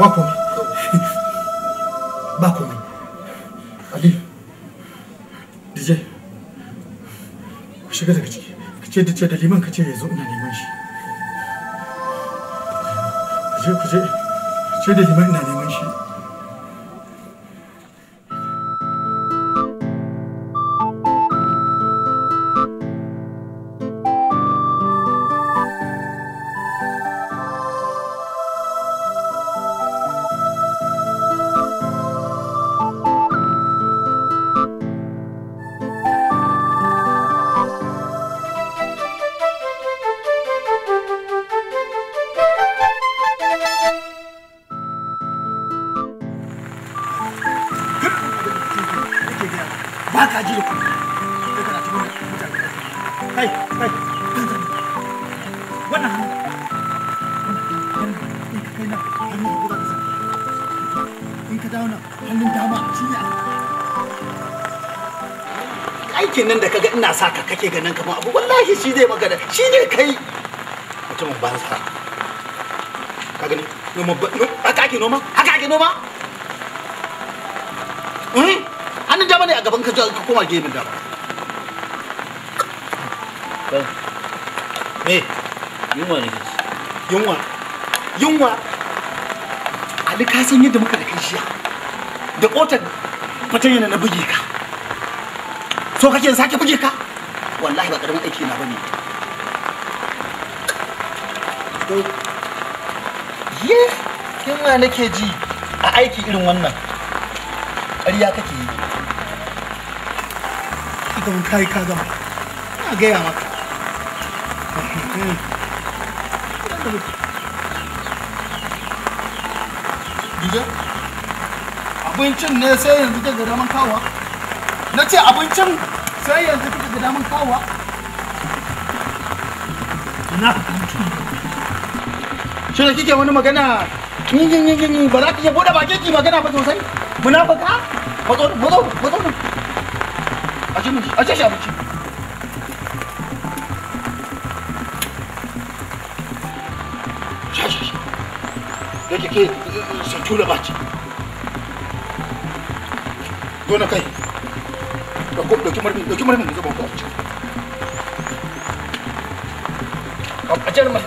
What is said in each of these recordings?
ba komai ba ali dj ku shiga daga ciki ka ce da da liman ka ce ya zo ina neman shi ku je ku je ce da liman ina neman sa ka kake ganin kamar abu wallahi shi zai maka da shi ne kai mutumin sa ka gani noma haka ake noma haka ake noma eh? hannun dama ne a gaban ka ka koma da dama me yunwa ne yunwa yunwa ali ka san yadda muka da kai shi da kotar fatan yana na buge ka so kake sake buge ka wallahi ba karamin aiki na bane ye ma nake ji a aiki irin wannan ƙarya kake yi idan kai ka gama ina gaya maka Dija, abincin ne sai yanzu ke gara kawa. Na ce abincin sai yanzu ga daman kawowa na shi da kike wani magana yin yin yin yin ba za ki iya bude bakin ki magana ba sosai munafika mazo mazo mazo a a ce shi abinci da kike satura baki dona kai da kuma da kuma da kuma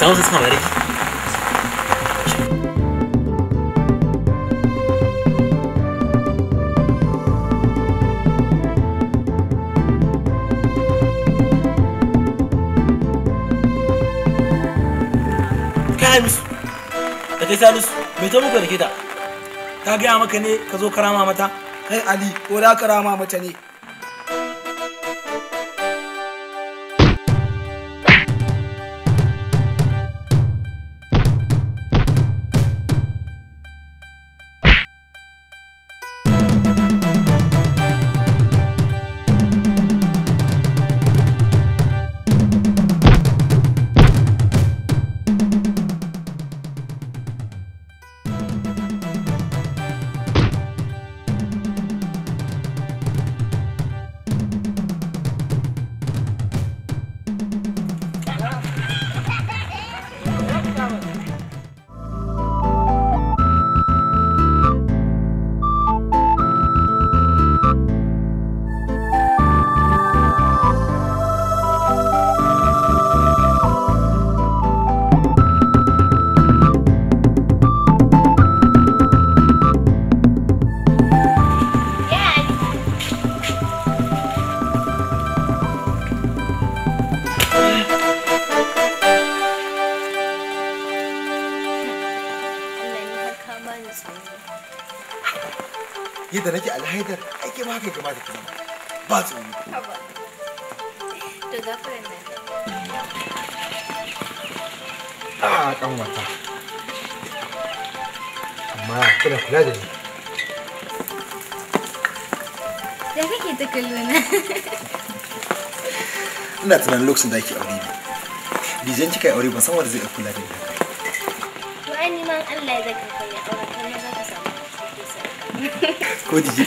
Estamos essa galera aqui. da kai salus mai ta muka da kita ta gaya maka ne ka zo karama mata kai ali ko da karama mata ne haka kamata ki zama ba tsoro to gafaran nan a kan wata amma kula da ni da kake ta kallo na ina tunanin lokacin da ake aure ne dijen kika aure ban san wanda zai kula da ni to ni man Allah ya zaka kai aure kuma zaka samu ko dije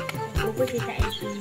gwaje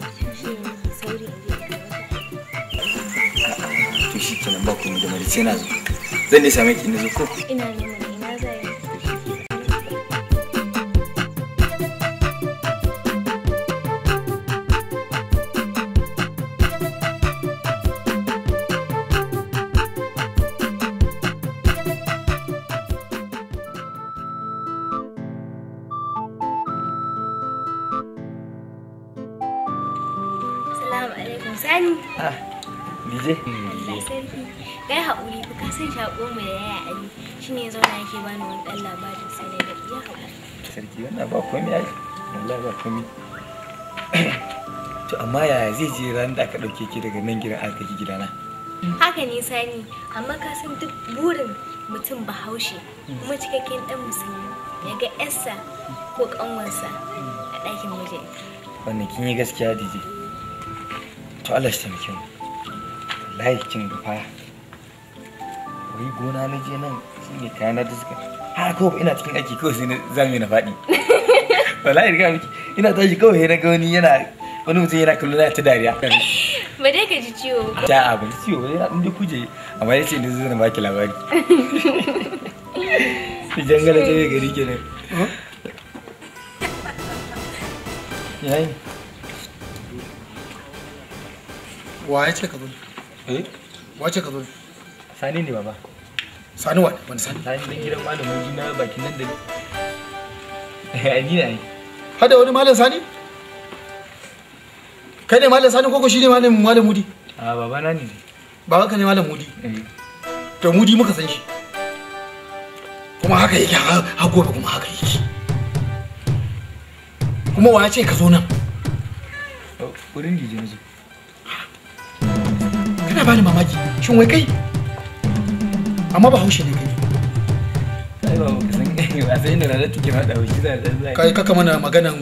ba komai ai wallahi ba komai to amma yaya zai je ran da aka dauke ki daga nan gidan aka ki gidana haka ne sani amma ka san duk burin mutum bahaushe kuma cikakken dan musulmi ya ga yarsa ko kanwansa a ɗakin mijin wannan kin yi gaskiya dije to Allah shi taimake mu wallahi kin ga wai gona na je nan shine kayana da suka har kawai ina cikin aiki kawai sai na yi na faɗi wallahi ga miki ina tashi kawai na ga yana yana kallon yana ta dariya ba dai ka ji ciwo ba ba in dai kuje amma yace ni zan ba ki labari ki jangala ta wa ce ka eh sani ne baba sani wa wani sani sani kira malamin Mungkin bakin nan da ni yi hada wani malam sani kai ne malam sani koko ne malam malam mudi a baba na ne baba ka ne malam mudi eh. to mudi muka san shi kuma haka yake ha gobe kuma haka yake kuma wa ce ka zo nan oh, wurin dije na kana bani mamaki shin wai kai amma ba haushe ne kai kai kaka mana maganan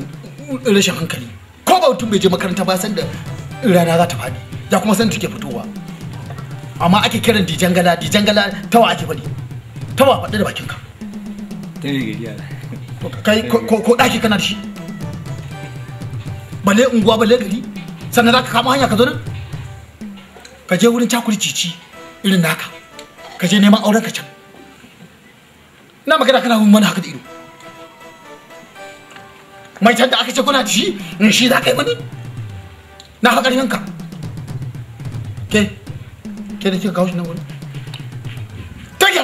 rashin hankali ko ba mutum bai je makaranta ba san da rana za ta faɗi ya kuma san take fitowa amma ake kiran dijangala dijangala tawa ake faɗi tawa faɗi da bakin bakinka kai ko ɗaki kana da shi bale unguwa bale gari sannan za ka kama hanya ka zo nan ka je wurin cakuri cici irin naka ka je neman auren ka can na magana kana mun haka da ido mai da aka ce kuna da ni shi za ka yi mani na haka yanka ke ke da kika kawo shi nan wani take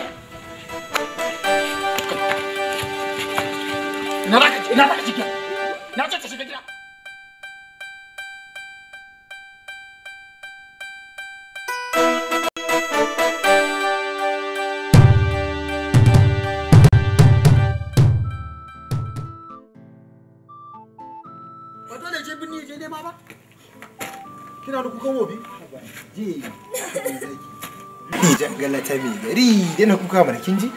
na raka na raka cikin na ce ta shiga gida ta mai gari daina kuka mana kin ji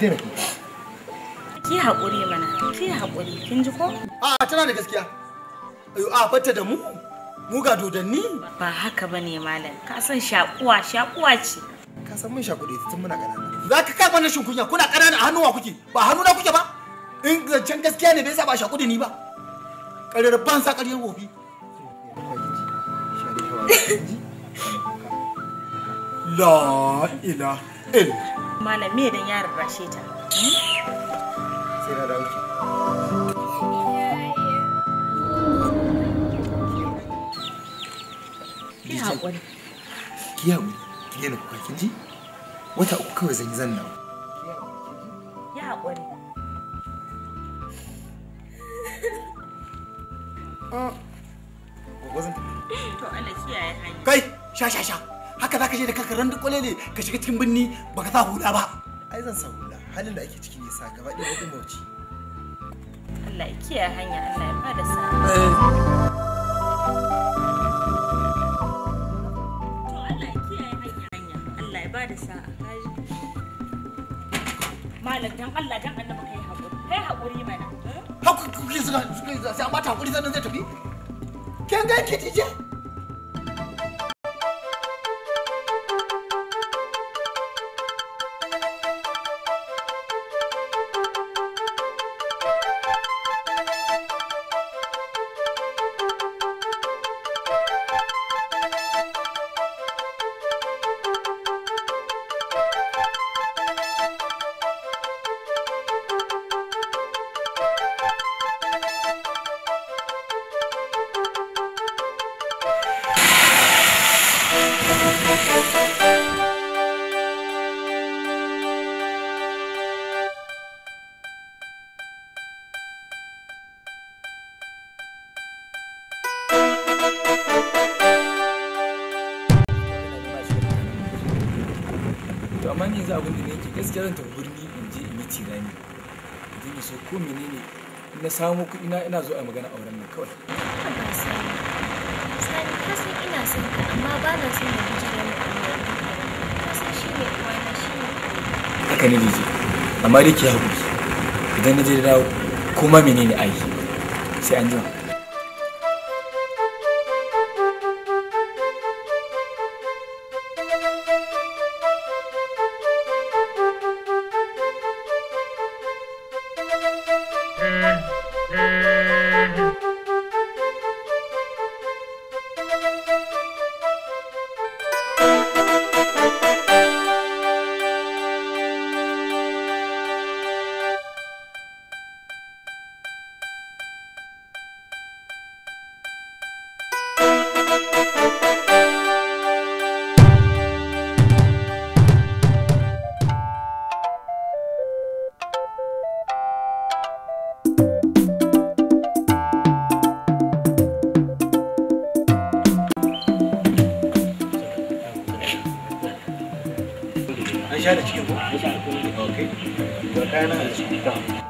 daina kuka ki haƙuri mana ki haƙuri kin ji ko a tana da gaskiya a fata da mu mu ga dodanni ba haka ba ne malam ka san shakuwa shakuwa ce ka san mun shaku da tun muna ƙanana za ka kai mana shinkunya kuna ƙanana a hannuwa kuke ba hannu na kuke ba in zancen gaskiya ne bai sa ba shaku da ni ba ƙarar ban sa ƙaryar wofi La ila il. dan yaron ta. Hmm? ki. Ki kuka kin ji? Wata uku kawai zan yi zan Ki To Allah kiyaye hanya. Kai sha sha sha. haka zaka je da kanka randu kwalele ka shiga cikin binni baka sa hula ba ai zan sa hula halin da ake ciki ne sa gaba ɗaya kudin bauchi Allah ya kiyaye hanya Allah ya da sa Allah dan Allah sa dan Allah dan annabi kai hakuri kai hakuri mana hakuri kuke zuwa sai an bata hakuri sannan zai tafi kin ga tije gaskiya zan tafi birni in je in yi tirani idan ya so ko menene na samu kuɗi na ina zo a magana auren nan kawai misali ka san ina son ka amma ba na son da bijira ne ka san shi ne uwana shi ne haka ne dije amma dai ki haƙuri idan na je da dawo ko menene aiki sai an jima an sha da ciki ko? an sha da ciki ok ga kayan nan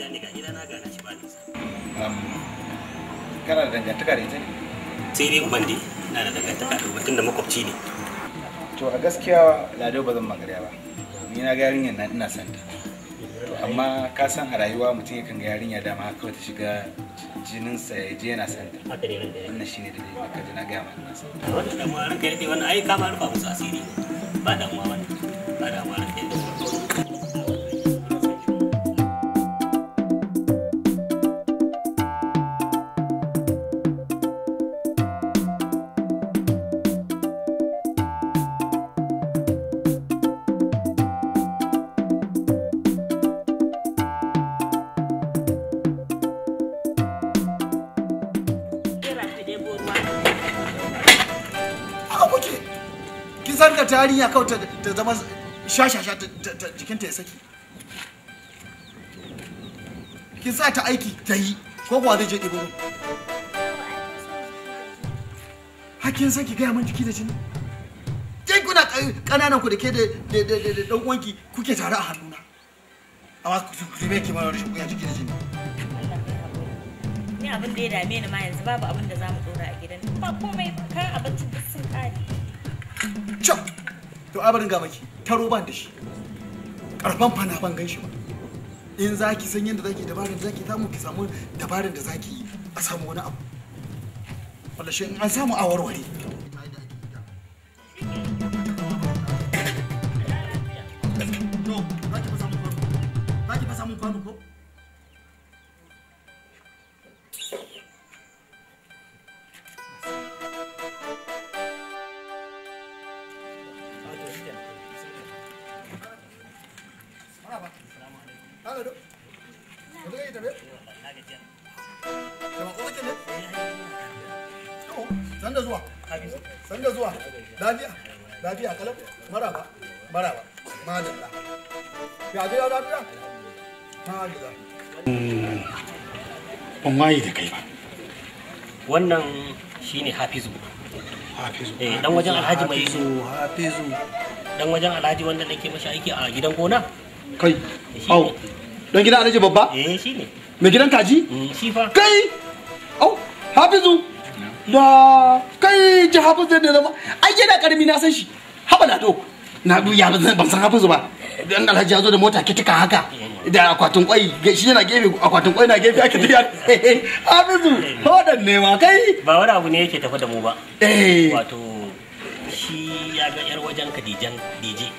kana da dangantaka da ita ne sai dai uban dai ina da dangantaka da uban da makwabci ne to a gaskiya lado ba zan magariya ba ni na ga yarinyar na ina son ta amma ka san a rayuwa mutum yakan ga yarinya dama kawai ta shiga jininsa ya je yana son ta wannan shine da ka ji na ga ma ina son ta wannan da mu ranka yadda wannan ai ka ma rufa musu asiri ba damuwa wannan ba damuwa yarinya kawai ta zama shashasha jikinta ya saki kin sa ta aiki ta yi ko kuwa zai je ɗigo hakin saki gaya min jiki da jini kin kuna ƙananan ku da ke da ɗan uwanki kuke tare a hannuna amma ku me ke mana rashin kuya jiki da jini ni abin da ya dame ni ma yanzu babu abin da za mu ɗora a gidan ba komai kayan abincin duk sun ƙare Chop! to abarin ga baki, taro ban da shi karfan fana ban gan shi ba in zaki san yadda zaki dabarin zaki samu ki samu dabarin da zaki a samu wani abu wanda shi an samu a warware Zaki fa kwano ko? dan wajen alhaji mai su dan wajen alhaji wanda nake mashi aiki a gidan gona kai au dan gidan alhaji babba eh shine mai gidan kaji mm, shi fa kai au hafizu da kai ji hafizu da zama ai yana karami na san shi haba na do na duya ban san hafizu ba dan alhaji ya zo da mota kitika haka da akwatin kwai shi yana gefe akwatin kwai na gefe ake tafiya hafizu hodan ne ma kai ba wani abu ne yake tafi da mu ba eh. wato wajen ka dijan dj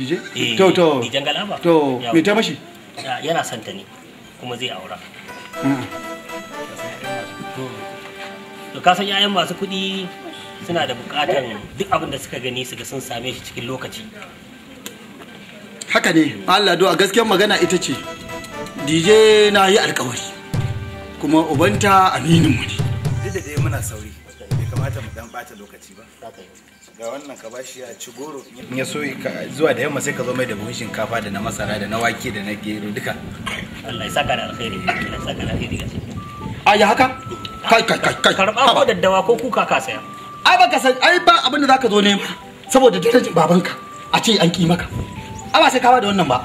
dj eh, to to dijan galaba to me ta mashi ah, yana santa ne kuma zai aura mm. to ka san yayan masu kuɗi suna da buƙatar duk abin da suka gani su ga sun same shi cikin lokaci haka ne Allah do a gaskiyar magana ita ce DJ na yi alkawari kuma ubanta aminin mu ne duk da dai muna sauri bai kamata mu dan bata lokaci ba ga wannan ka bashi ya ci goro ya so zuwa da yamma sai ka zo mai da buhun shinkafa da na masara da na wake da na gero duka Allah ya saka da alkhairi Allah ya saka da alkhairi a ya haka kai kai kai kai karba ko daddawa ko kuka ka saya ai baka san ai ba abin da zaka zo ne saboda darajar babanka a ce an ki maka ba sai ka da wannan ba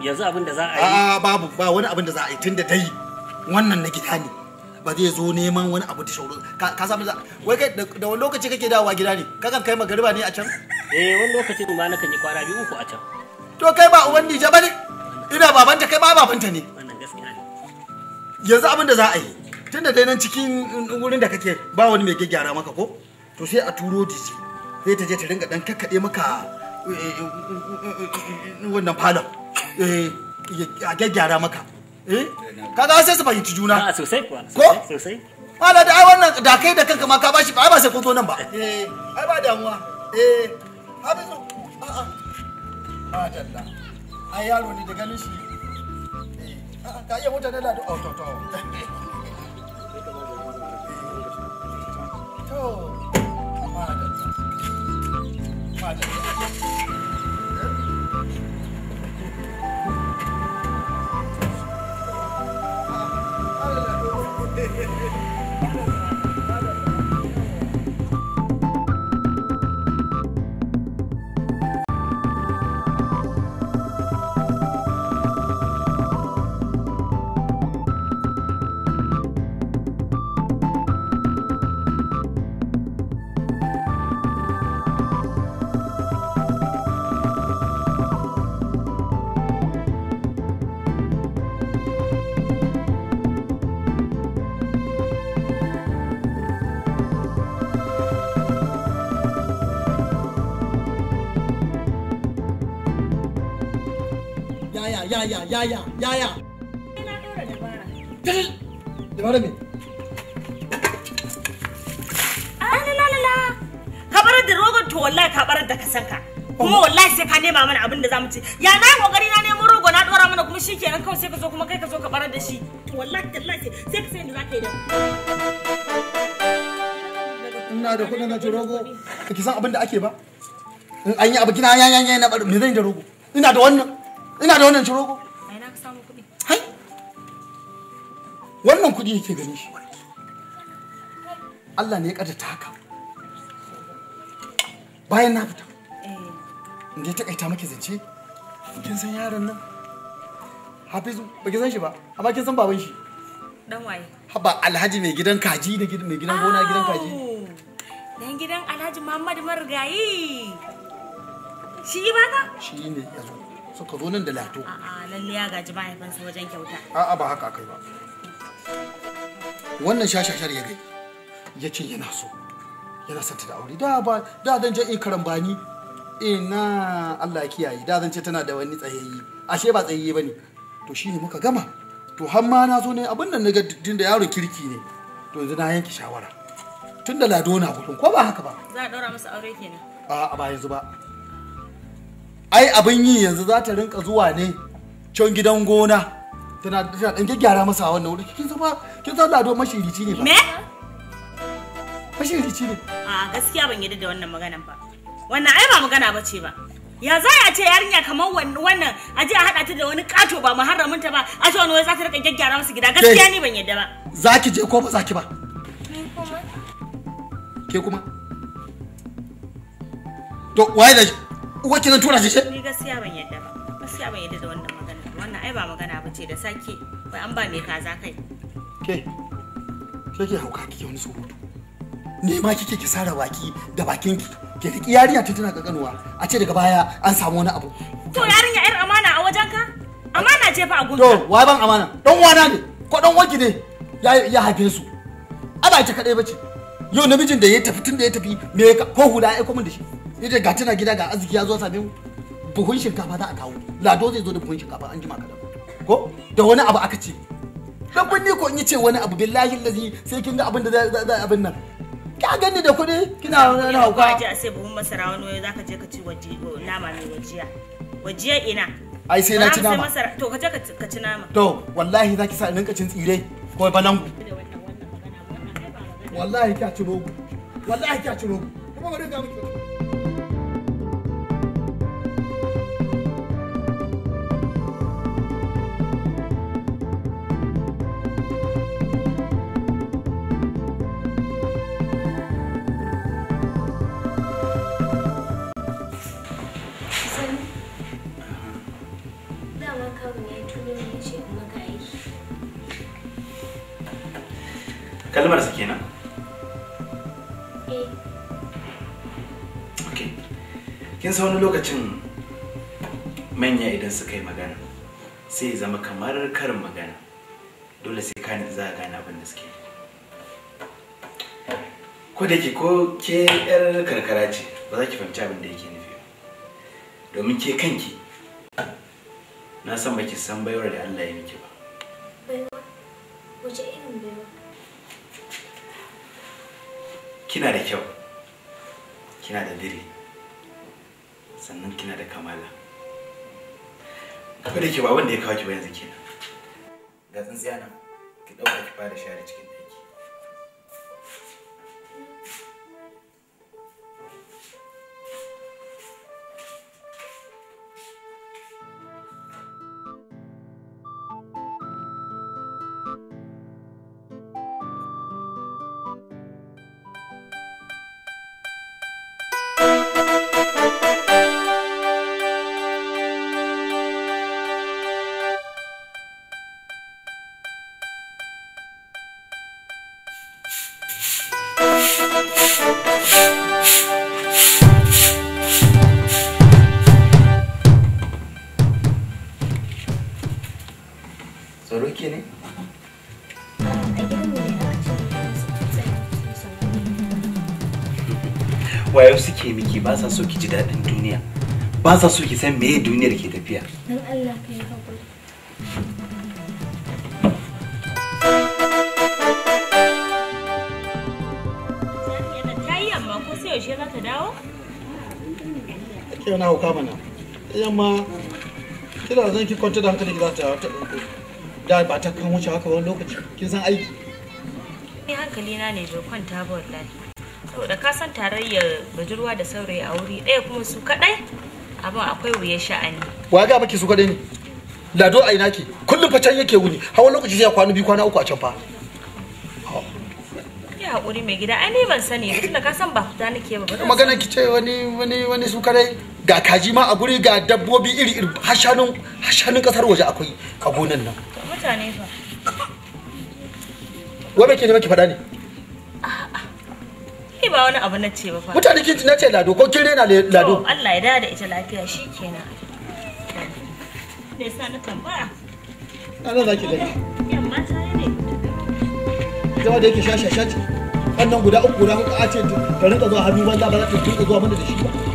yanzu abin da za a yi a babu ba wani abin da za a yi wannan na gida ne ba zai zo neman wani abu da shauru ka samu za wai kai da wani lokaci kake dawowa gida ne kakan kai magariba ne a can eh wani lokacin ma na kan yi kwara biyu uku a can to kai ba uban dija bane ina babanta kai ba babanta ne yanzu abin da za a yi tunda dai nan cikin wurin da kake ba wani mai gyara maka ko to sai a turo dije sai ta je ta ringa dan kakkade maka eh, eh, eh, wannan falon a gyaggyara maka eh, eh kaga sai su fahimci juna a sosai kuwa ko sosai mala da ai wannan da kai da kanka ma ka bashi ba ba sai ko nan ba eh. eh ai ba damuwa eh habibu a a ah, ba ai yaro ne da ganin shi eh, ka iya da oh to to ma ma yaya yaya yaya ina daura dabara dabara me kabarar da rogon to wallahi kabarar da ka sanka kuma wallahi sai ka nema mana abin da za mu ci ya na kokari na nemo rogo na dora mana kuma shikenan kawai sai ka zo kuma kai ka zo ka barar da shi to wallahi tallahi sai ka sai da za ka yi da ina da kudin na ci rogo kake san abin da ake ba in an yi abu kina yan yan yan na bar me zan da rogo ina da wannan Kana da wannan ciro ko? Ai na ka samu kuɗi. Hai. Wannan kuɗi yake gani shi. Allah ne ya kada ta haka. Bayan na fita. Eh. Inda ta kaita maki zance. Kin san yaron nan? Hafizu ba ki san shi ba, amma kin san baban shi. Dan waye? Haba Alhaji mai gidan kaji da mai gidan gona gidan kaji. Dan gidan Alhaji Muhammad Marigayi. Shi ba ka? Shi ne ya zo. suka zo nan da lato a'a lalle ya gaji mahaifinsa wajen kyauta a'a ba haka kai ba wannan shashashar ya gai ya ce yana so yana son ta da aure da ba da dan je in karambani ina Allah ya kiyaye da zan ce tana da wani tsayayye ashe ba tsayayye bane to shine muka gama to har ma na zo ne abin nan naga tunda yaro kirki ne to yanzu na yanke shawara tunda lado na gudun ko ba haka ba za a daura masa aure kenan a ba yanzu ba ai abin yi yanzu za ta rinka zuwa ne can gidan gona tana tana dan gyaggyara masa a wannan wuri kin san ba kin san lado mashirici ne ba me mashirici ne a gaskiya ban yadda da wannan maganan ba wannan ai ba magana ba ce ba ya za a ce yarinya kamar wannan a je a hada ta da wani ƙato ba muharramin ta ba a ce wani wai za ta rika gyaggyara masa gida gaskiya ni ban yadda ba za ki je ko ba za ki ba ke kuma to waye da uwar zan tura shi ce ni gaskiya ban yadda ba gaskiya ban yadda da wannan magana wannan ai ba magana ba ce da sake wai an ba ka kaza kai ke ke ke hauka kike wani surutu Ni ma kike ki sara baki da bakin ki ke riki yarinya ta tana kakanuwa a ce daga baya an samu wani abu to yarinya yar amana a wajen ka amana ce fa a gunta to wai ban amana dan wana ne ko dan wanki ne ya haife su Ana ba ita kadai bace yau namijin da ya tafi tun da ya tafi me ka ko huda ai aiko min da shi ni da tana gida ga arziki ya zo same mu buhun shinkafa za a kawo lado zai zo da buhun shinkafa an jima da ko da wani abu aka ce dan ni ko in ce wani abu billahi lazi sai kin ga abin da za abin nan ka gani da kuɗi kina wani hauka ka a sai buhun masara wani waje ka je ka ci waje nama mai wajiya wajiya ina ai sai na ci nama to ka je ka ci nama to wallahi zaki sa rinka cin tsire ko balangu wallahi ka ci rogo wallahi ka ci rogo kuma bari ga miki sa wani lokacin manya idan suka yi magana sai zama kamar karin magana dole sai ka za a gane abin da suke ko da ke ko ke yar karkara ce ba za ki fahimci abin da yake nufi domin ke kanki na san ki san baiwar da Allah ya miki ba kina da kyau kina da diri sannan kina da kamala ko da ba wanda ya kawo ki ba yanzu kenan ga tsintsiya nan ki dauka ki fara share cikin sa so ki ji daɗin duniya ba sa so ki san meye duniyar ke tafiya dan Allah ka yi hakuri yaushe za ta dawo? Kyau na hauka mana. Yamma kina zan ki kwanta da hankali za ta ta dauko. Da ba ta kan wuce haka wani lokaci. Kin san aiki. Ni hankali na ne bai kwanta ba wallahi. to da ka san tarayyar budurwa da saurayi a wuri ɗaya kuma su kaɗai abin akwai wuya sha'ani wa ga maki su kaɗai ne lado a ina ke kullum fa can yake wuni hawan lokaci ya kwana biyu kwana uku a can fa ya haƙuri mai gida ai ni ban sani tun da ka san ba fita nake ba magana ki ce wani wani wani su kaɗai ga kaji ma a guri ga dabbobi iri iri hashanun hashanun kasar waje akwai a gonan nan mutane fa wa me ke ne baki faɗa ne ba wani abu na ce ba fa mutane kin na ce lado ko kin rena lado to Allah ya dada ita lafiya shikenan ne sa na tambaya ana zaki dai yamma ta ne zama da yake shashashaci wannan guda uku guda huɗu a ce ta rinka zuwa habiban da ba za ta rinka zuwa mana da shi ba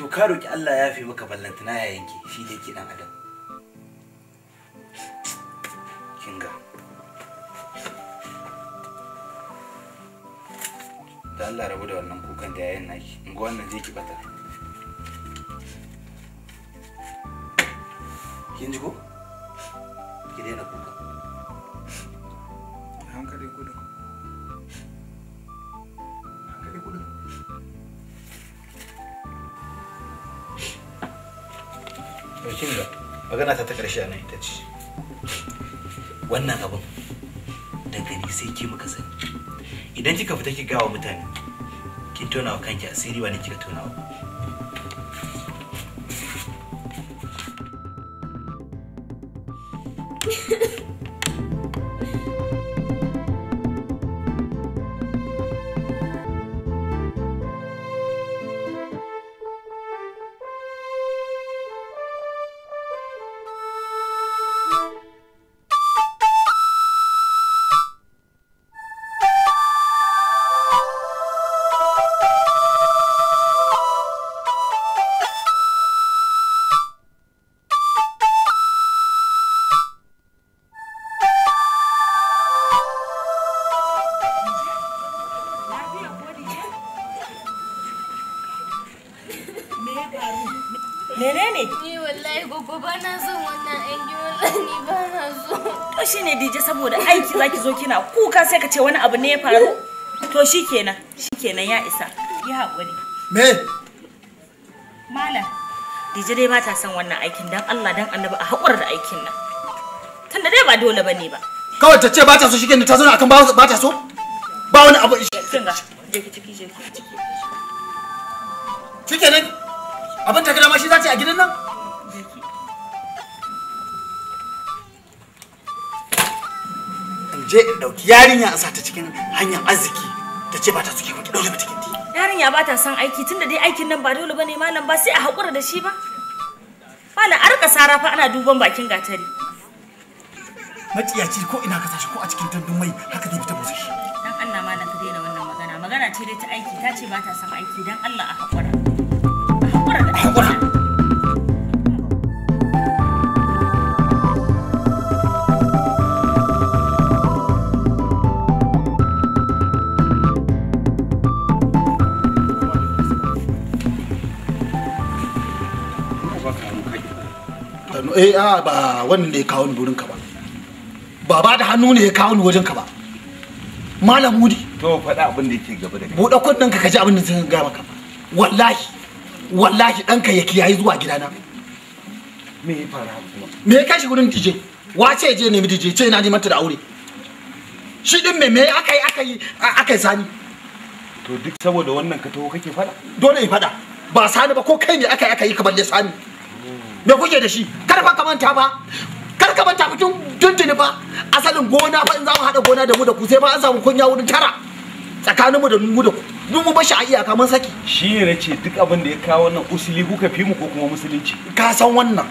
to ka roki Allah ya fi maka ballantana ya yanke shi da ke dan adam kinga da Allah rabu da wannan kukan da yayin naki in ga wannan zai ki bata kin ji ko fita ki gawa mutane ki tona wa kanki asiri ba ne kika tona abu ne faru to shikenan shikenan ya isa ya haƙuri me malam dije dai ba ta son wannan aikin dan Allah dan annabi a haƙura da aikin nan tunda dai ba dole bane ba kawai ta ce ba ta so shikenan ta zauna akan ba ta so ba wani abu kinga je ki ciki je ki ciki shikenan abin ta gida ma shi za ta yi a gidan nan je in dauki yarinya in sa ta cikin hanyar arziki ta ce ba ta suke ba dole mata kinti yarinya ba ta son aiki tunda dai aikin nan ba dole bane malam ba sai a hakura da shi ba malam arka sara fa ana duban bakin gatari maciyaci ko ina ka sashi ko a cikin tandun mai haka zai fita musu shi dan Allah malam ka daina wannan magana magana ce dai ta aiki ta ce ba ta son aiki dan Allah a hakura eh a ba wannan da ya kawo ni wurin ka ba baba da hannu ne ya kawo ni wajen ka ba malam mudi to faɗa abin da yake gaba da kai buɗe kunnen ka kaji abin da zan ga maka wallahi wallahi ɗanka yake yayi zuwa gidana me ya fara kuma me ya kashi gurin DJ wace je nemi DJ ce na neman ta da aure shi din me me aka yi aka yi aka sani to duk saboda wannan ka taho kake faɗa dole ya faɗa ba sani ba ko kai ne aka yi aka yi ka balle sani me kuke da shi kar fa ka manta ba kar ka manta mutum tuntuni ba asalin gona ba in za mu haɗa gona da mu da ku sai ba an samu kunya wurin tara tsakaninmu da mu da ku duk mu bashi a iyaka mun saki shi ne nace duk abin da ya kawo wannan usuli kuka fi mu ko kuma musulunci ka san wannan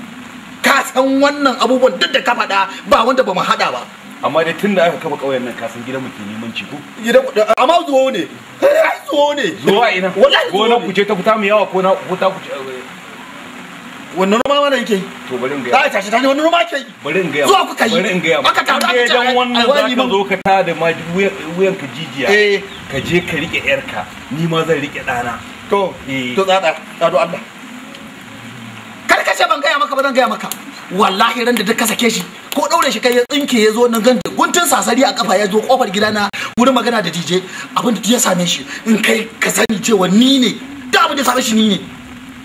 ka san wannan abubuwan duk da ka faɗa ba wanda ba mu haɗa ba amma dai tun da aka kafa ƙauyen nan kasan gidan mu ke neman ciko gidan amma zuwo ne ai zuwo ne zuwa ina wannan gona ku je ta fita mu yawa ko na ku ta ku eh, wani noma mana yake to bari in gaya ta tashi noma ke bari in gaya zuwa kuka yi bari in ga aka taru aka taru dan wannan ka zo ka ta da ma wuyan ka jijiya eh ka je ka rike yarka ni ma zan rike dana to eh. to tsada tsado Allah kar ka ce ban gaya maka ba zan gaya maka wallahi ran da duk ka sake shi ko daure shi kai ya tsinke ya zo nan ganda. guntun sasari a kafa ya zo kofar gidana wurin magana da DJ abinda duk ya same shi in kai ka sani cewa ni ne da abin da same shi ni ne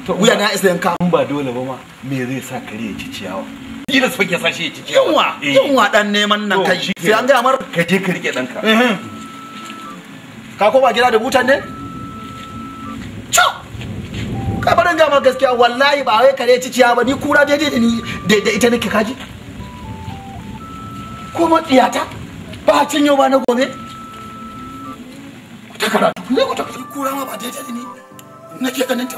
to wuya na isa yanka in ba dole ba ma me zai sa kare ya ci ciyawa kila su fake sashi ya ci ciyawa yunwa dan eh. neman nan kai sai an ga mar ka je ka rike danka ka koma gida da butan ne ka dan ga ma gaskiya wallahi ba wai kare ci ciyawa ba ni kura daidai da ni da ita nake kaji kuma tsiyata ba cin yau ba na gobe ta karatu ne ku ta kura ma ba daidai da ni nake ganin ta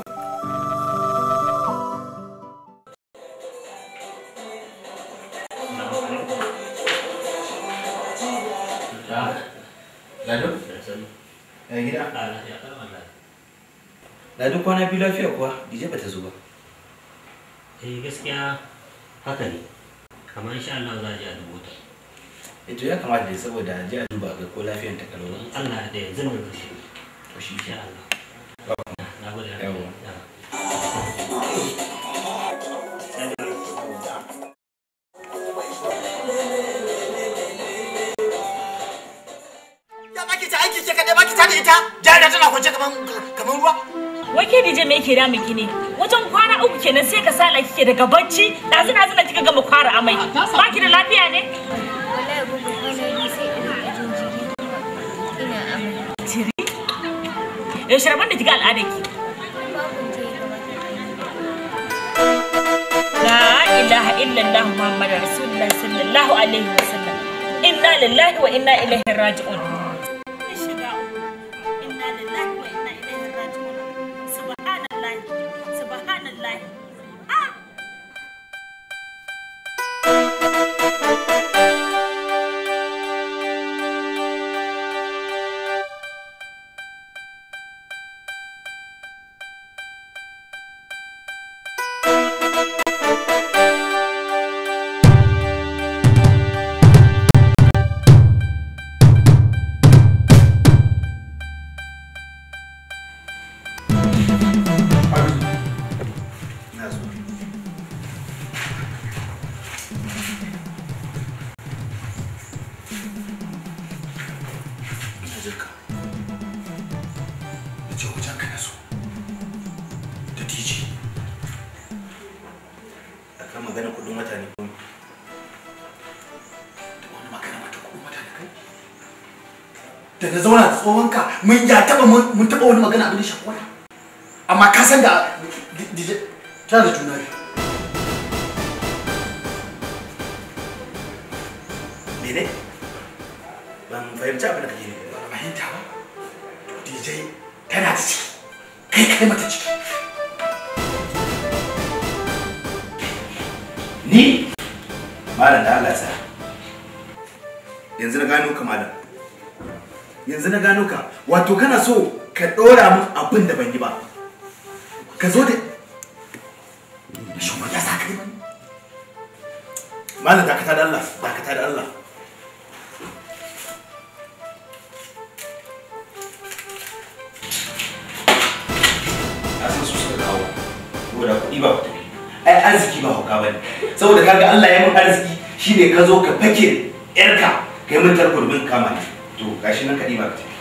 gida? A lafiya Da duk kwana biyu lafiya kuwa dije ba ta zo ba. Eh gaskiya haka ne. Kamar insha Allah za a je a dubo ta. Eh to ya kamata dai saboda a je a duba ga ko lafiyar ta kalau. Allah da yanzu nan zai. To shi insha Allah. Na gode. kake da ne wajen kwana uku kenan sai ka sala kike daga bacci dazu dazu na kika gama kwara amai ba ki da lafiya ne ya shirban da kika al'ada ki la ilaha illallah muhammadar rasulullah sallallahu alaihi wasallam inna lillahi wa inna ilaihi raji'un mun taɓa wani magana abin da shafi wani amma ka san da tana da juna biyu mene ban fahimci abin da kake ne ba fahimta ba to dj tana da ciki kai kai mata ciki ni malam da Allah sa yanzu na gano ka malam yanzu na gano ka wato kana so ka ɗora min abin da ban yi ba ka zo da shugaban ya sa ka yi mana dakata da Allah dakata da Allah asan su suka kawo saboda kuɗi ba kuɗi ai arziki ba hauka bane saboda kaga Allah ya mun arziki shine ka zo ka fake yarka kai mun tarkurbin kama to gashi nan kaɗi ba ka tafi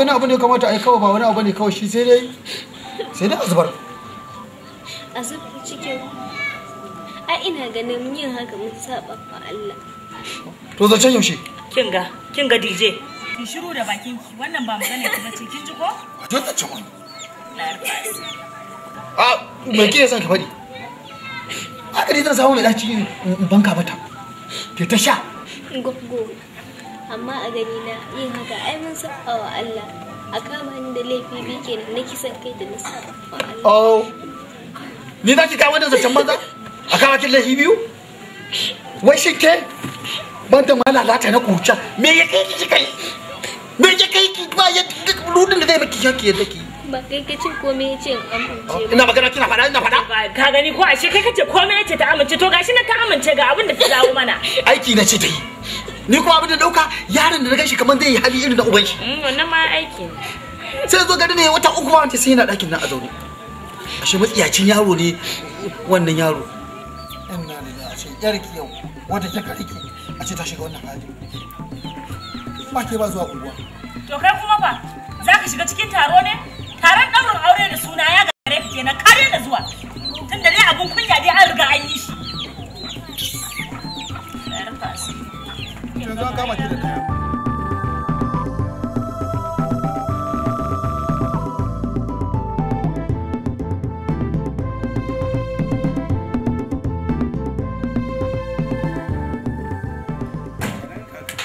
ganin abin da ya kamata a yi kawai ba wani abu ne kawai shi sai dai sai dai azubar a zubar cikin a ina ganin yin haka mun saba fa Allah to zancen yaushe kin ga kin ga DJ ki shiru da bakin ki wannan ba magana ki ce kin ji ko to ta ci wani a me kike son ka faɗi haka dai zan samu mai daci banka mata ke ta sha gogo amma a gani na yin haka ai mun saba wa Allah a kama ni da laifi bi kenan na kisan kai da na wa Allah oh ni za ki kama da zancen banza a kama kin laifi biyu wai shi ke ban da malalata na kuca me ya kai ki kai me ya kai ki ba ya duk ludin da zai miki yake yadda ki ba kai ka ce komai ya ce amince ina magana kina faɗa ina faɗa ka gani ko ashe kai ka ce komai ya ce ta amince to gashi na ka amince ga abin da ta dawo mana aiki na ce ta yi ni kuma abin da dauka yaron da na ganshi kamar zai yi hali irin na uban shi mm, wannan ma aiki sai zo gari ne wata uku ba wanda sai yana dakin nan a zaune ashe matsiyacin yaro ne wannan yaro yan na da ashe yarki yau wata kika rike a ce ta shiga wannan hali ba ke ba zuwa unguwa to kai kuma fa za ka shiga cikin taro ne taron daurin aure da suna ya gare ka na kare da zuwa tunda dai abun kunya dai an riga an yi shi yanzu an kama ki da kaya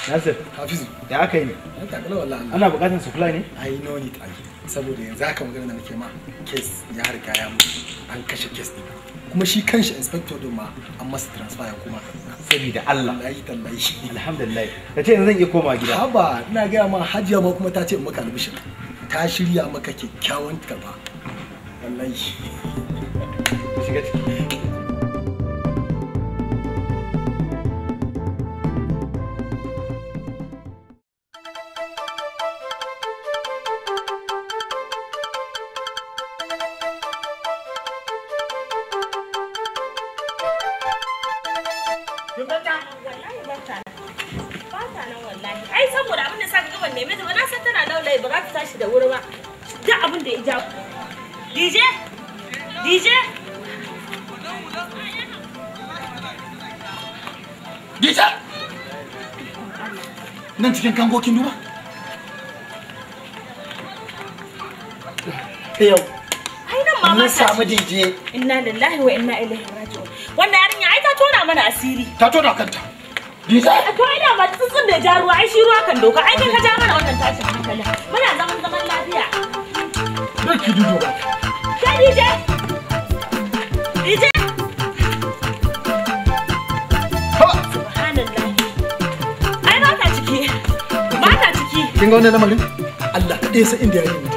Nasir, Hafizu, da aka yi ne? Ana bukatar supply ne? Ai, no need ai. Saboda yanzu haka magana da muke ma, kes ya riga ya mutu, an kashe kes ɗin. Kuma shi kanshi inspector din ma an masa transfer ya koma saboda Allah wallahi tallahi alhamdulillah zan iya koma gida haba ina ga ma hajiya ma kuma ta ce maka albishir ta shirya maka kyakkyawan karba wallahi shiga ciki Gita! Nan cikin kango kin duba? Yau. Ai nan ma mata. samu dije. Inna lillahi wa inna ilaihi raji'un. Wannan yarinya ai ta tona mana asiri. Ta tona kanta. Dije. To ina ma tsutsun da ja ruwa ai shi ruwa kan doka. Ai kai ka ja mana wannan tashin hankali. Muna zaman zaman lafiya. Dai ki ba. Kai dije. Dije. kin ga wannan lamarin Allah kaɗai sai inda ya yi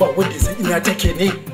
ba wanda sai ina take ne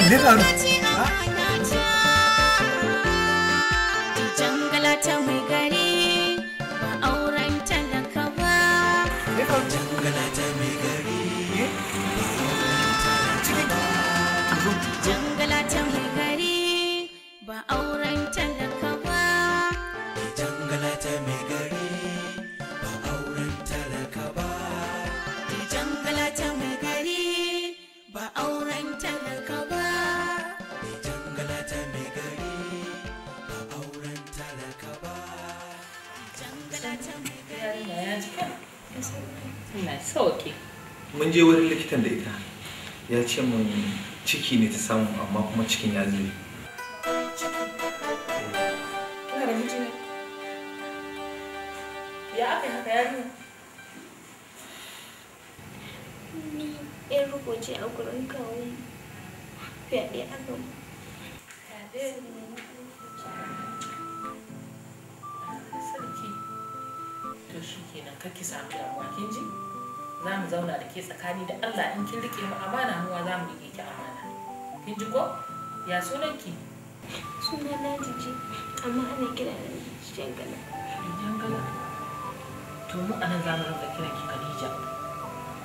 那哪儿？ya ce mun ciki ne ta samu amma kuma cikin ya zai ne? Ya aka haka yarinya? Ni ɗan rubuce a gurin kawo fyaɗe a gaba. zauna da ke tsakani da Allah in kin rike mu amana mu za mu rike ki amana kin ji ko ya sunan ki sunan na jiji amma ana kira da jangala jangala to mu anan za mu rinka kiran ki Khadija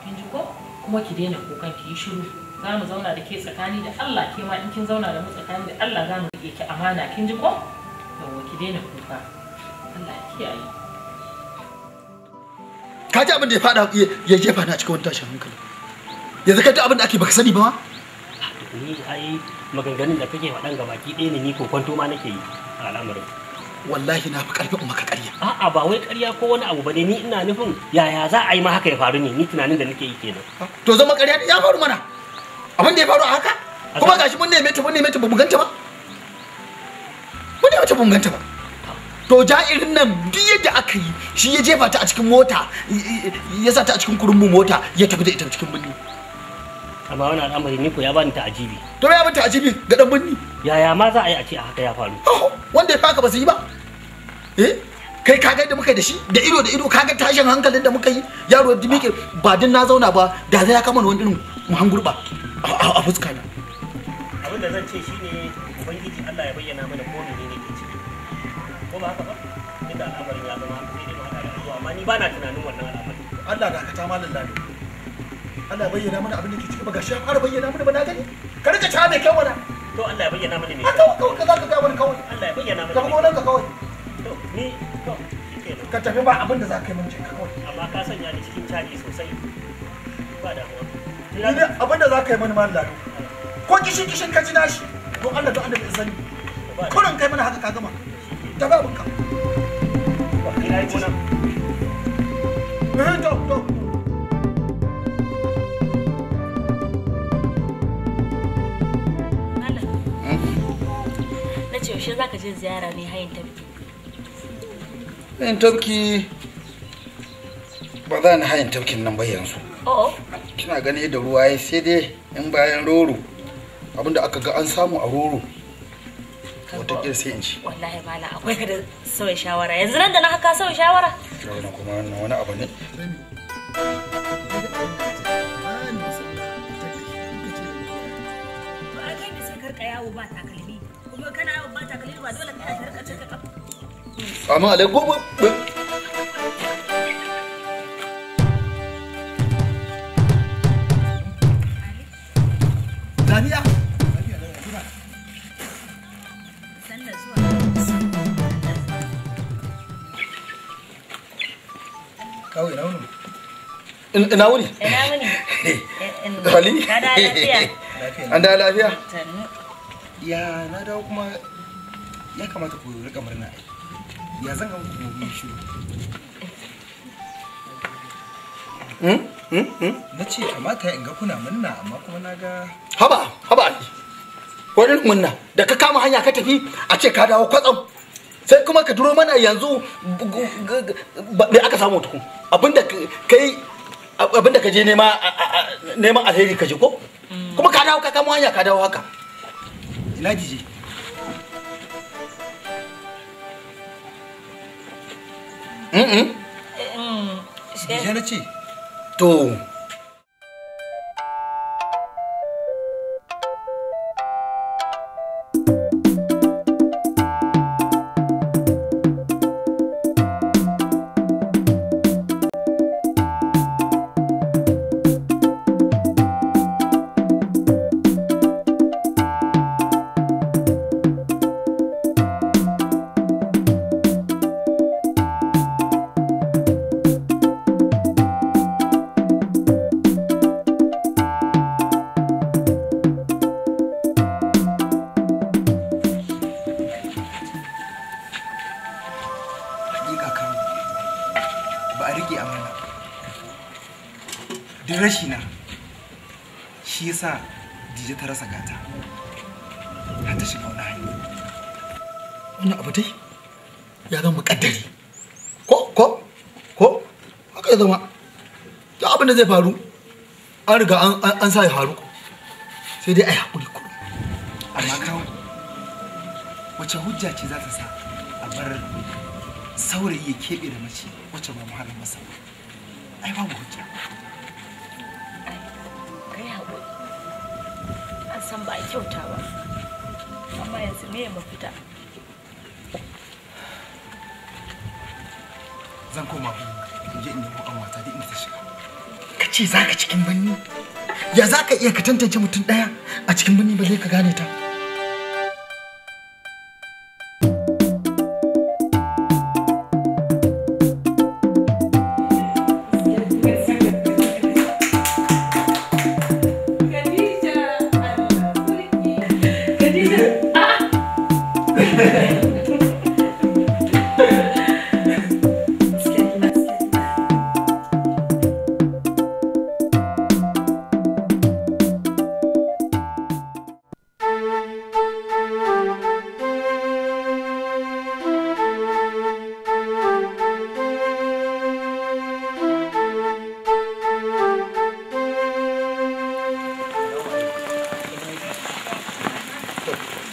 kin ji ko kuma ki daina kokan ki yi shiru za mu zauna da ke tsakani da Allah ke ma in kin zauna da mu tsakani da Allah za mu rike ki amana kin ji ko yawwa ki daina kuka Allah ya kiyaye ka ji abin da ya fada ya jefa ni a cikin wani tashin hankali yanzu ka duk abin da ake baka sani ba ma ni ai maganganun da kake faɗan baki ɗaya ne ni ko kwanto ma nake yi a al'amarin wallahi na fi karfi in maka ƙarya a'a ba wai ƙarya ko wani abu ba ne ni ina nufin yaya za a yi ma haka ya faru ne ni tunanin da nake yi kenan to zama ƙarya ya faru mana abin da ya faru a haka kuma gashi mun neme ta mun ne mai ba bugunta ba mun ne mai ba bugunta ba to ja'irin nan duk yadda aka yi shi ya jefa ta a cikin mota ya sa ta a cikin kurumbu mota ya tafi da ita cikin birni amma wani al'amari ni ko ya bani ta ajibi to ya bani ta ajibi ga dan birni yaya ma za a yi a ce a haka ya faru wanda ya faka ba su yi ba eh kai kaga da muka da shi da ido da ido kaga tashin hankalin da muka yi yaro da miƙe ba din na zauna ba da zai ya kama wani irin hangurba a fuska na Abinda zan ce shine ubangiji Allah ya bayyana mana ko ne ne ko ba haka al'amarin ya zama haka sai dai mu da zuwa amma ni ba na tunanin wannan al'amarin Allah ta malam lami Allah ya bayyana mana abin da ke ciki ba gashi an fara bayyana mana ba na gani ka rika cewa mai kyau mana to Allah ya bayyana mana ne haka kawai ka za ka ga wani kawai Allah ya bayyana mana ka gonan ka kawai to ni to ka tafi ba abin da za ka yi mun ka kawai amma ka sanya ni cikin caji sosai ba da damuwa ni abin da za ka yi mani malam lami ko kishin kishin ka ji nashi don Allah to Allah bai sani kurin kai mana haka ka gama tafi abinka eh, hmm? za ka je ziyara ne hayin tafki hayin tafki ba za ni hayin tafkin nan ba yanzu oh, oh. kina gani da ruwa ya sai dai in bayan roro abinda aka ga an samu a roro wataƙil sai in ci wallahi mala akwai ka da sauya shawara yanzu nan da na haka sauya shawara kuma wani abu ne amma alai gobe kawo ina wuni ina wuni eh, eh, ina wuni an da lafiya ya na dawo kuma ya kamata ku rika murna ya zan ga ku mu hmm? hmm? hmm? kamata in ga kuna amma kuma na ga haba haba wani munna da ka kama hanya ka tafi a ce ka dawo kwatsam sai kuma ka turo mana yanzu me aka samu tukun abinda kai abinda ka je neman alheri ka je ko kuma ka dawo ka hanya ka dawo haka ina Mm-mm. Eh, mm. mm zai faru an riga an sa ya faru sai dai a yi haƙuri kudu amma kawo wace hujja ce za ta sa a bar saurayi ya keɓe da mace wace ba mu muharin masa ai babu hujja kai haƙuri an san ba a kyauta ba amma yanzu me ya mafita zan koma in je in yi ce za ka cikin birni ya za iya ka tantance mutum ɗaya a cikin birni ba zai ka gane ta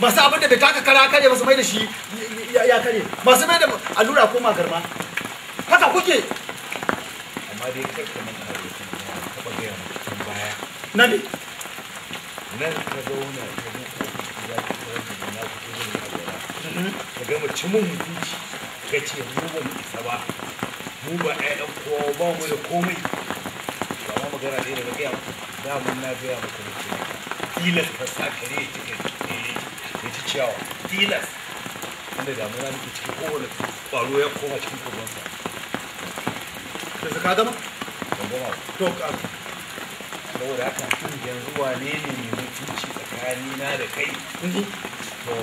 masu abin da bai taka kara kare masu mai da shi ya kare masu mai da allura ko magarma haka kuke amma dai kai ka manta da shi ka ba ga mutum baya na ne nan ka zauna ka ji ko ya ka da na ku ji ne mm-hmm. ka ga mutum mun hukunci ka ce mu ba mu isa ba mu ba ƴaƴan kowa ba mu da komai ba ma magana ne da ga ya da mun na ga ya mutum tilas ka sa kare ya cike ciyawa tilas wanda da damuna nake cikin kowane ƙwaro ya koma cikin ƙwaronsa da ka gama? ban gama to ka saboda haka yanzu wane ne ne mutunci tsakanina da kai to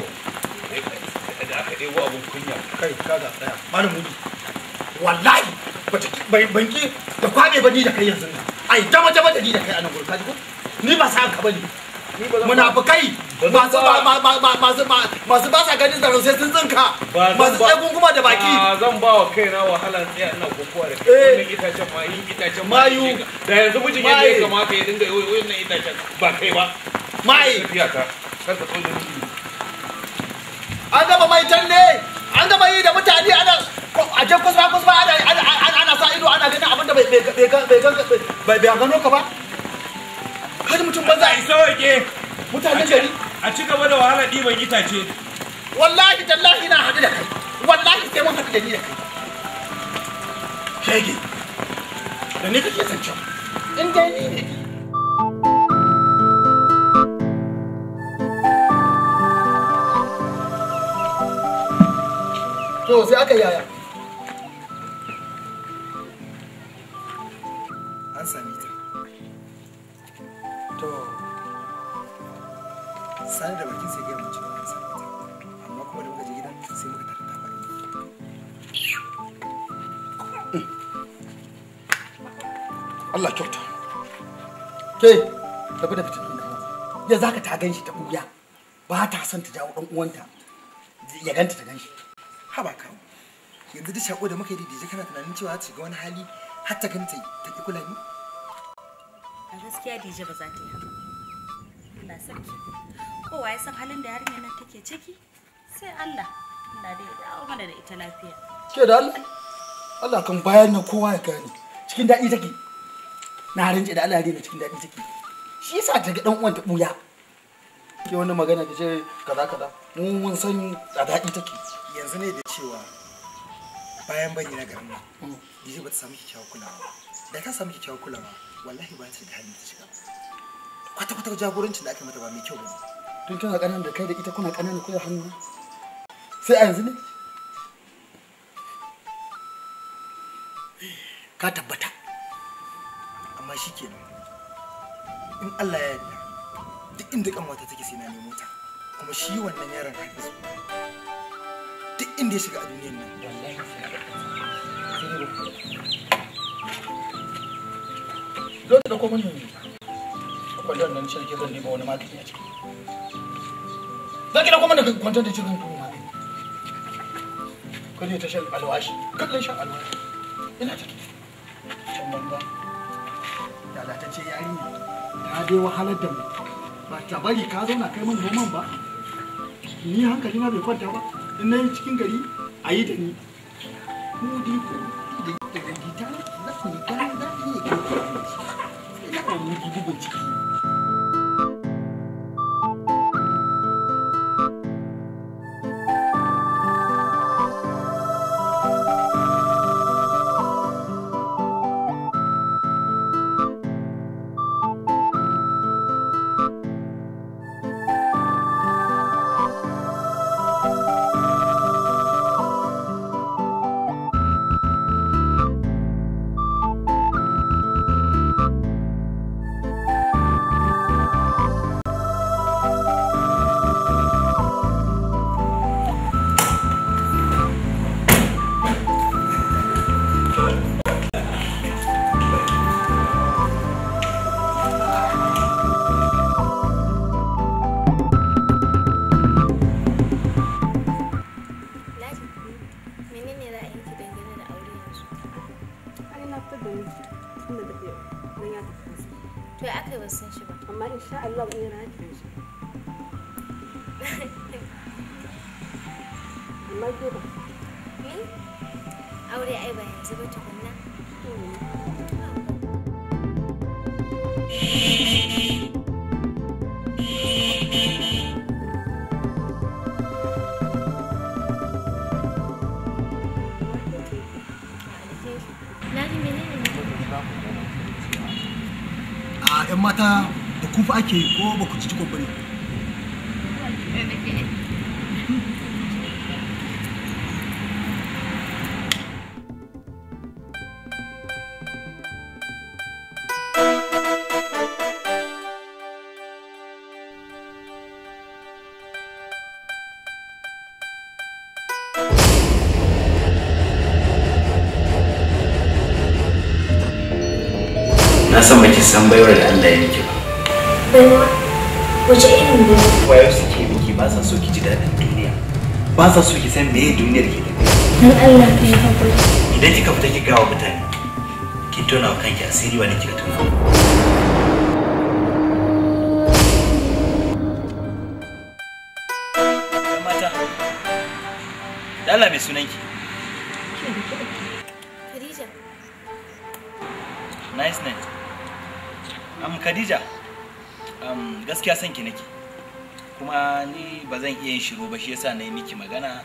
da aka ɗebo abin kunya kai ka ga tsaya malam mudi wallahi banki da kwaɗe ba ni da kai yanzu ai dama dama da ni da kai a nan gurin ka ji ko ni ba sa ka bane munafukai masu masu ba sa ganin tsaro sai sun tsinka masu tsaye kuma da baki zan ba wa kaina wahala tsaya ina kokowa da kai eh. itacen yin itacen mayu da yanzu mijin yadda ya kamata ya dinga wannan itacen ba kai ba mai an gama mai can ne an gama yi da mutane ana a je kusa kusa ana ana sa ido ana ganin abin da bai bai bai bai gano ka ba kada mutum banza gari a ci gaba da wahala ɗiban itace wallahi tallahi na haɗu da kai wallahi sai mun haɗu da ni da kai shege da ni kake zancen in dai ni ne to sai aka yaya sani da bakin sai gaya mace wani sani ta amma kuma da muka je gida sai muka tarata ba Allah kyauta ke tafi da fitin nan ya zaka ta ganshi ta buya ba ta son ta jawo dan uwanta ya ganta ta ganshi ha ba kawo yanzu duk shako da muka yi da kana tunanin cewa ta shiga wani hali har ta ganta ta ki kula ni a gaskiya dije ba za ta yi haka Allah sarki kowa ya san halin da yarinya nan take ciki sai Allah Allah dai ya dawo mana da ita lafiya ke da Allah Allah kan bayan nan kowa ya gani. cikin daɗi take na rinje da Allah ya daina cikin daɗi take shi yasa ta ga dan uwan ta buya ke wani magana da ce kaza kaza mu mun san a daɗi take yanzu ne da cewa bayan banyi na garin nan mm. dije ba ta samu kyakkyawar kulawa da ta samu kyakkyawar kulawa wallahi ba ta da hali ta shiga kwata-kwata jagorancin da aka mata ba mai kyau ba tun tana ƙanana da kai da ita kuna ƙanana kuɗa hannu sai a yanzu ne ka tabbata amma shi ke in Allah ya yarda duk inda kanwata take sai na nemo ta kuma shi wannan yaron Hafizu duk inda ya shiga a duniyar nan wallahi sai da ko mun nan shi ke zan nemo wani magani a ciki za ki kuma da kwantar da cikin kuma ka je ta shan alwashi kallon shan alwashi ina ta can banza ta dai wahalar da mu ba ta bari ka zauna kai min noman ba ni hankali na bai kwanta ba in na yi cikin gari a yi da ni ku diko baki san baiwar da Allah ya miki ba. Baiwa? Wace irin baiwa? Wayar suke miki ba sa so ki ji daɗin duniya. Ba sa so ki san meye duniyar ke da Dan Allah ka yi hakuri. Idan kika fita ki gawa mutane, ki tona wa kanki asiri wani kika tona. Allah mai sunanki. gaskiya son ki nake kuma ni ba zan iya yin shiru ba shi yasa na yi miki magana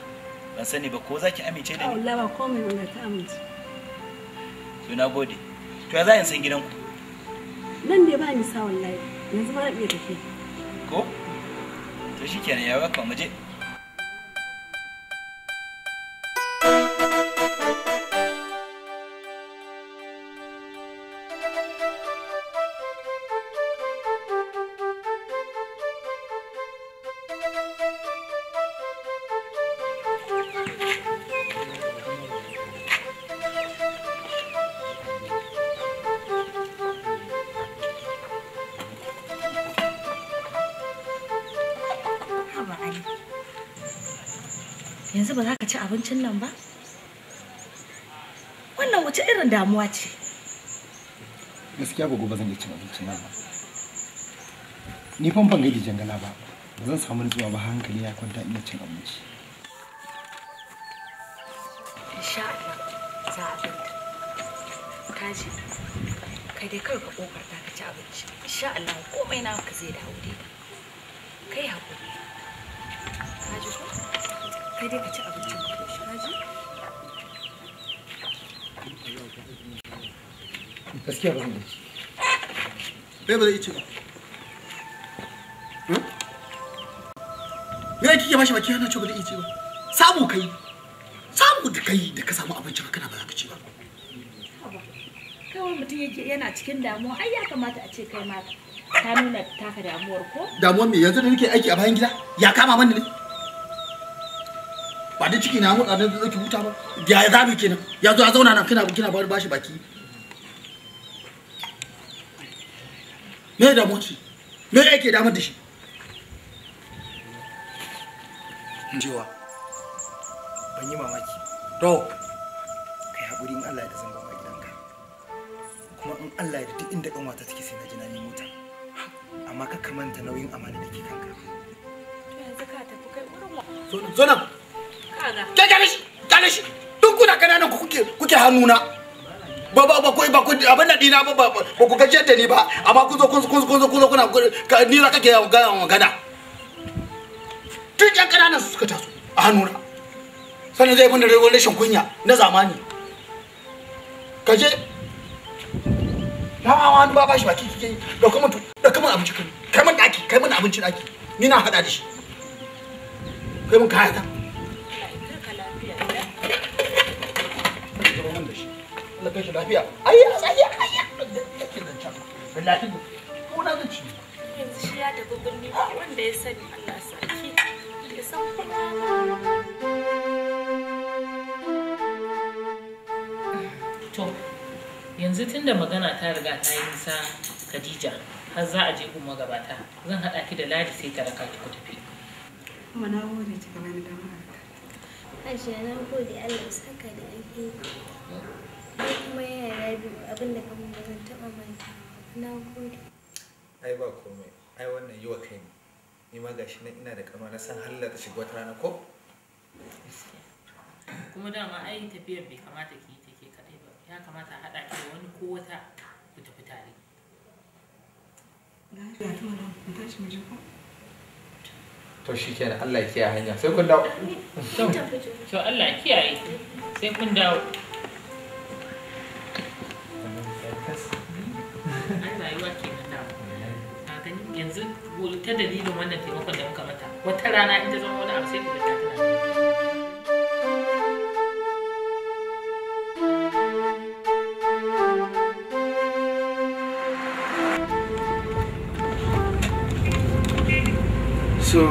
ban sani ba ko za ki amince da ni Allah ba komai wala ta amince to na gode to ya za in san gidanku nan dai ba ni sa wallahi yanzu ba na iya tafiya ko to shikenan ya baka mu je ci abincin nan ba wannan wace irin damuwa ce gaskiya gogo ba zan iya cin abincin nan ba ni famfan gaidi jangala ba ba zan samu nutsuwa ba hankali ya kwanta ina cin abinci insha Allah za a binta kaji kai dai kawai ka kokarta ka ci abinci insha Allah komai na ka zai dawo dai kai hakuri kaji ko kai dai ka ci abinci quest ba ba zai ce ba me kike bashi baki yana ce ba zai ce ba samu kai samu da kai da ka samu abinci kana ba za ka kawai mutum cikin damuwa ya kamata a ce kai ma nuna taka damuwar ko yanzu da ke aiki a bayan gida ya kama mani ne ba da ciki na mu da zaki huta ba ya ya zo ya zauna nan kina kina ba baki me ya damu shi me yake damar da shi jewa ban yi mamaki to kai haƙuri in Allah ya da zan gama gidanka kuma in Allah ya da duk inda kan wata take sai na ji na nemo ta amma ka kamanta nauyin amana da ke kanka yanzu ka tafi kai wurin zo nan kaga kai gane shi gane shi duk kuna kananan ku kuke kuke hannuna ba ba ba ku ba ku abin da dina ba ba ku gajiyar da ni ba amma ku zo kun ku kun ku kuna ni ra kake ga magana tun yan kananan su suka taso a hannuna sannan zai mana revolution kunya na zamani kaje na awan ba ba shi ba kike da kuma da kuma abinci kai kai mun daki kai mun abinci daki ni na hada da shi kai mun kaya ta na kai shi lafiya nan can ko na yanzu shi ya tafi birni wanda ya sani Allah sarki ya san to yanzu tunda magana ta riga ta yi nisa Khadija har za a je kuma gabata zan haɗa ki da ladi sai ta raka ki ku tafi. Kuma na gode ki kamar da Ashe gode Allah saka da alheri. kuma yara biyu abin da kan ba zan taɓa manta na gode ai ba komai ai wannan yi wa kai ne ni ma gashi nan ina da kama na san hallar ta shiga wata rana ko kuma dama ai tafiyar bai kamata ki ta ke kadai ba ya kamata a haɗa ki da wani ko wata ku tafi tare to shi kenan Allah ya kiyaye hanya sai kun dawo to Allah ya kiyaye sai kun dawo rayuwa kenan da ka gani yanzu ta dalilin wannan taimakon da muka mata wata rana ita ta zama wani abu sai ku ta tana So,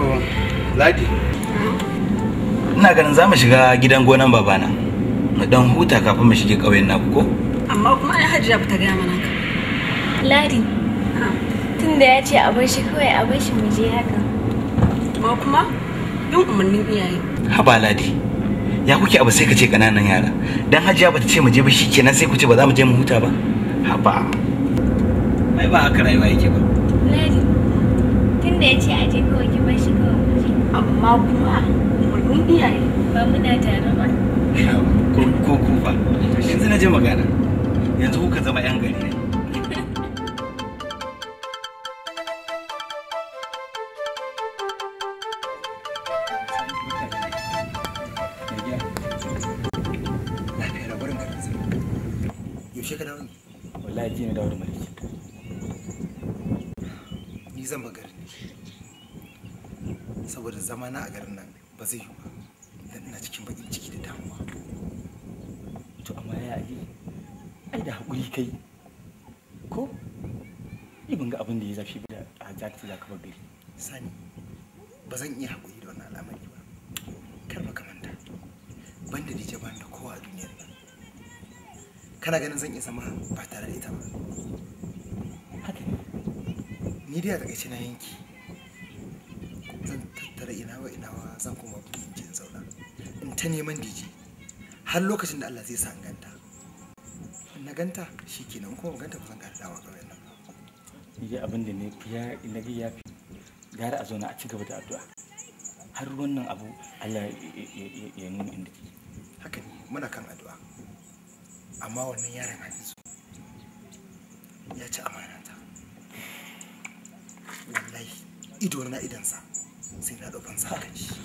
Ladi, hmm? ina ganin za mu shiga gidan gonan babana. Mu dan huta kafin mu shige ƙauyen naku ko? Amma kuma ai Hajiya ba ta gaya mana ka. ladi ah. tun da ya ce a bar shi kawai a bar shi mu je haka ba kuma yin umarnin iyaye haba ladi ya kuke abu sai ka ce kananan yara dan hajiya bata ce mu je ba shikenan sai ku ce ba za mu je mu huta ba haba mai ba haka rayuwa yake ba ladi tun da ya ce a je kawai ki bar shi kawai amma kuma umarnin iyaye ba muna tare ba ko ko ba yanzu na je magana yanzu kuka zama yan gari ne da haƙuri kai ko ni ban ga abin da ya zafi da a ta za ka bar gari sani ba zan iya haƙuri da wannan al'amari ba kar ba ka manta ban da dije da kowa a duniyar nan kana ganin zan iya zama ba tare da ita ba haka ni dai a takaice na yanki zan tattara inawa inawa zan kuma in zauna in ta neman dije har lokacin da Allah zai sa na ganta shi kenan kuma ganta kusan ga dawa ƙauyen nan ni abin da ne ya na ga ya fi gara a zauna a ci gaba da addu'a har wannan abu Allah ya nuna inda ke haka ne muna kan addu'a amma wannan yaron su. ya ci amanata wallahi ido na idansa sai na ɗaukan sa kan shi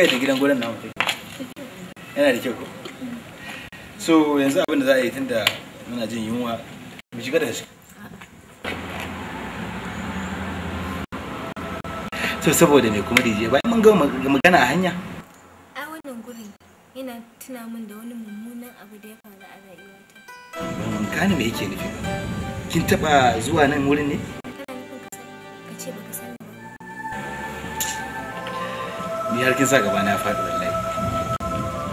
ga da gidan gudun namu take yana da kyau ko so yanzu abin da za a yi tunda muna jin yunwa mu shiga da shi so saboda me kuma dije bayan mun ga magana a hanya ai wannan gurin yana tuna min da wani mummunan abu da ya faru a rayuwata ban gane me yake nufi kin taba zuwa nan wurin ne ni har kin sa gaba na faɗi wallahi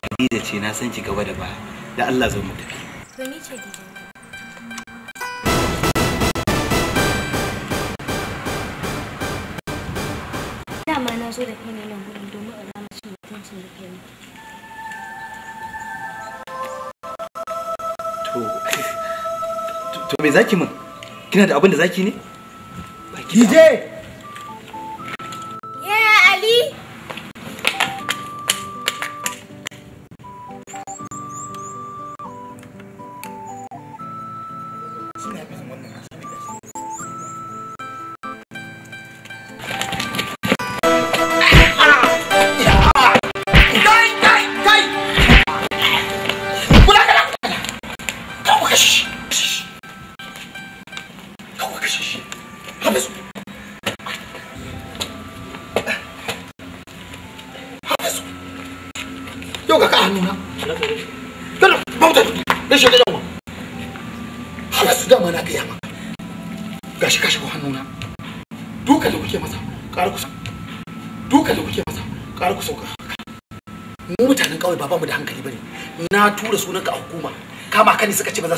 Khadija ce na san ki gaba da baya. da Allah zo mu tafi to ni ce dama na zo da kai ne nan gurin domin a zama cin mutuncin da kai to to me zaki min kina da abin da zaki ne baki DJ!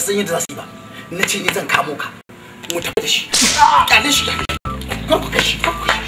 san yadda za su yi ba na ce ni zan kamo ka mu tafi da shi ƙyale shi ƙyale kar ku kashi